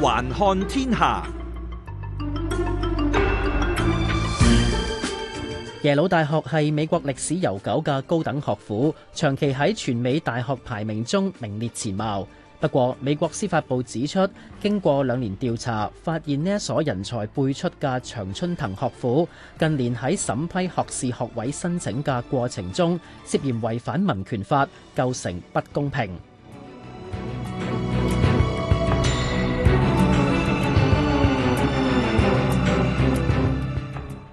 環看天下，耶魯大學係美國歷史悠久嘅高等學府，長期喺全美大學排名中名列前茅。不過，美國司法部指出，經過兩年調查，發現呢一所人才輩出嘅長春藤學府，近年喺審批學士學位申請嘅過程中，涉嫌違反民權法，構成不公平。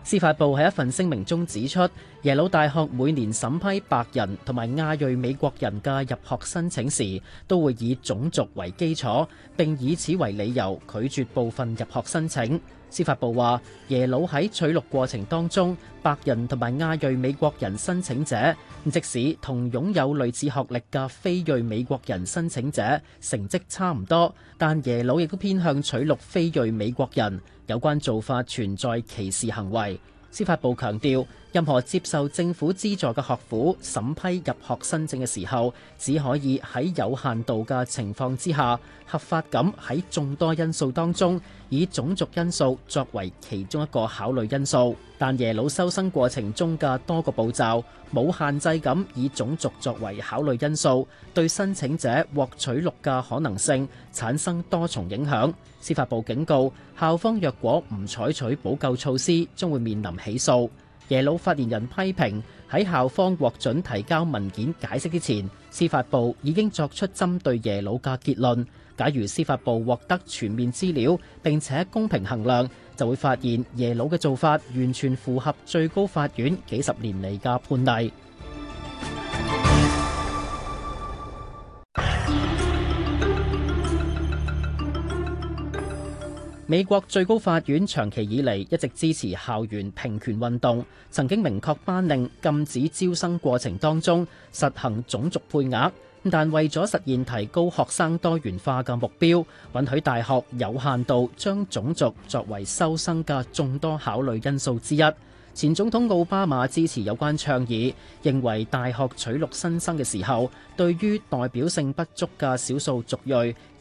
司法部喺一份聲明中指出，耶魯大學每年審批白人同埋亞裔美國人嘅入學申請時，都會以種族為基礎，並以此為理由拒絕部分入學申請。司法部話，耶魯喺取錄過程當中，白人同埋亞裔美國人申請者，即使同擁有類似學歷嘅非裔美國人申請者，成績差唔多，但耶魯亦都偏向取錄非裔美國人，有關做法存在歧視行為。司法部強調，任何接受政府資助嘅學府審批入學申請嘅時候，只可以喺有限度嘅情況之下，合法咁喺眾多因素當中，以種族因素作為其中一個考慮因素。但耶魯收生過程中嘅多個步驟冇限制咁以種族作為考慮因素，對申請者獲取錄嘅可能性產生多重影響。司法部警告校方，若果唔採取補救措施，將會面臨起訴。耶魯發言人批評喺校方獲准提交文件解釋之前，司法部已經作出針對耶魯嘅結論。假如司法部獲得全面資料並且公平衡量，就會發現耶魯嘅做法完全符合最高法院幾十年嚟嘅判例。美國最高法院長期以來一直支持校園平權運動，曾經明確頒令禁止招生過程當中實行種族配額，但為咗實現提高學生多元化嘅目標，允許大學有限度將種族作為收生嘅眾多考慮因素之一。前總統奧巴馬支持有關倡議，認為大學取錄新生嘅時候，對於代表性不足嘅少數族裔，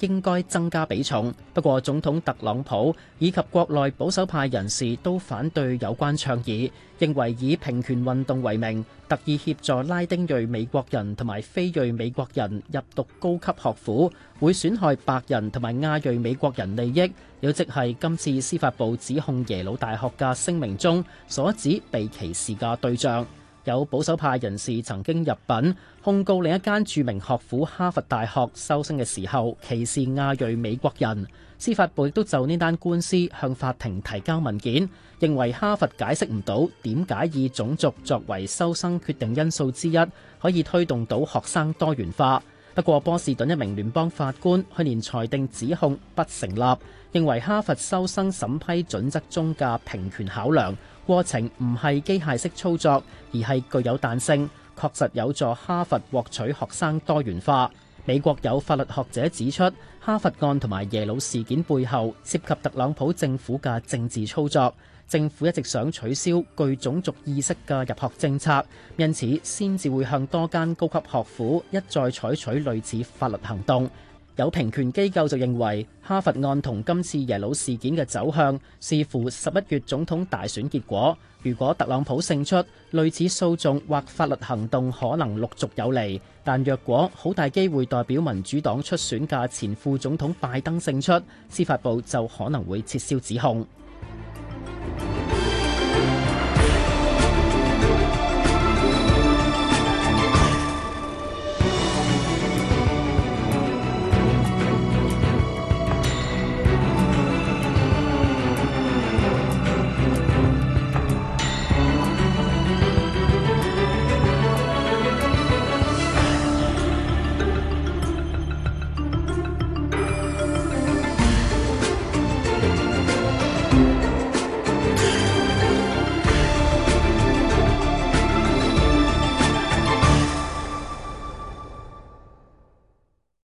應該增加比重，不過總統特朗普以及國內保守派人士都反對有關倡議，認為以平權運動為名，特意協助拉丁裔美國人同埋非裔美國人入讀高級學府，會損害白人同埋亞裔美國人利益，有即係今次司法部指控耶魯大學嘅聲明中所指被歧視嘅對象。有保守派人士曾經入禀控告另一間著名學府哈佛大學，收生嘅時候歧視亞裔美國人。司法部亦都就呢單官司向法庭提交文件，認為哈佛解釋唔到點解以種族作為收生決定因素之一，可以推動到學生多元化。不過，波士頓一名聯邦法官去年裁定指控不成立，認為哈佛收生審批準則中嘅平權考量過程唔係機械式操作，而係具有彈性，確實有助哈佛獲取學生多元化。美國有法律學者指出，哈佛案同埋耶魯事件背後涉及特朗普政府嘅政治操作。政府一直想取消具種族意識嘅入學政策，因此先至會向多間高級學府一再採取類似法律行動。有平權機構就認為哈佛案同今次耶魯事件嘅走向視乎十一月總統大選結果。如果特朗普勝出，類似訴訟或法律行動可能陸續有利；但若果好大機會代表民主黨出選嘅前副總統拜登勝出，司法部就可能會撤銷指控。